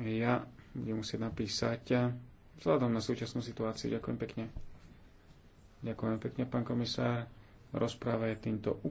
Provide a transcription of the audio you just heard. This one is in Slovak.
ja budem musieť napísať eh, vzhľadom na súčasnú situáciu. Ďakujem pekne. Ďakujem pekne, pán komisár. Rozpráva je týmto